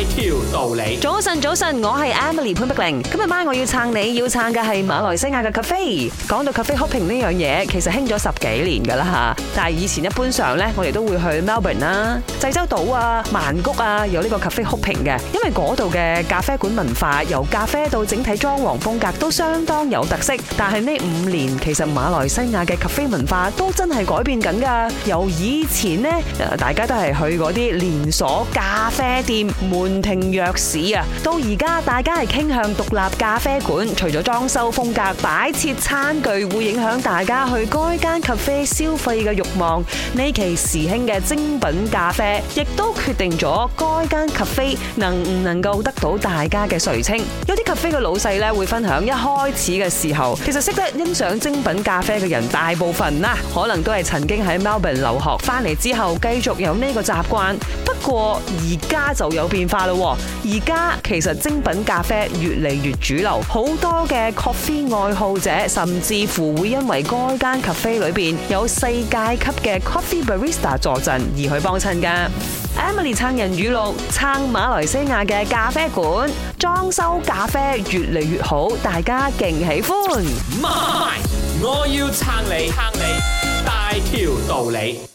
一條道理。早晨，早晨，我係 Emily 潘碧玲。今日晚我要撐你要撐嘅係馬來西亞嘅 cafe。講到 cafe hopping 呢樣嘢，其實興咗十幾年噶啦吓。但係以前一般上咧，我哋都會去 Melbourne 啦、濟州島啊、曼谷啊有呢個 cafe hopping 嘅。因為嗰度嘅咖啡館文化，由咖啡到整體裝潢風格都相當有特色。但係呢五年，其實馬來西亞嘅 cafe 文化都真係改變緊噶。由以前咧，大家都係去嗰啲連鎖咖啡店每門庭若市啊！到而家，大家係傾向獨立咖啡館，除咗裝修風格、擺設、餐具會影響大家去該間咖啡消費嘅慾望，呢期時興嘅精品咖啡亦都決定咗該間咖啡能唔能夠得到大家嘅垂青。有啲咖啡嘅老細咧會分享，一開始嘅時候，其實識得欣賞精品咖啡嘅人大部分啦，可能都係曾經喺 Melbourne 留學翻嚟之後，繼續有呢個習慣。不過而家就有變化。話咯，而家其實精品咖啡越嚟越主流，好多嘅 coffee 愛好者甚至乎會因為該間咖啡裏邊有世界級嘅 coffee barista 坐陣而去幫襯噶。Emily 撐人語錄，撐馬來西亞嘅咖啡館，裝修咖啡越嚟越好，大家勁喜歡。我要撐你，撐你，大條道理。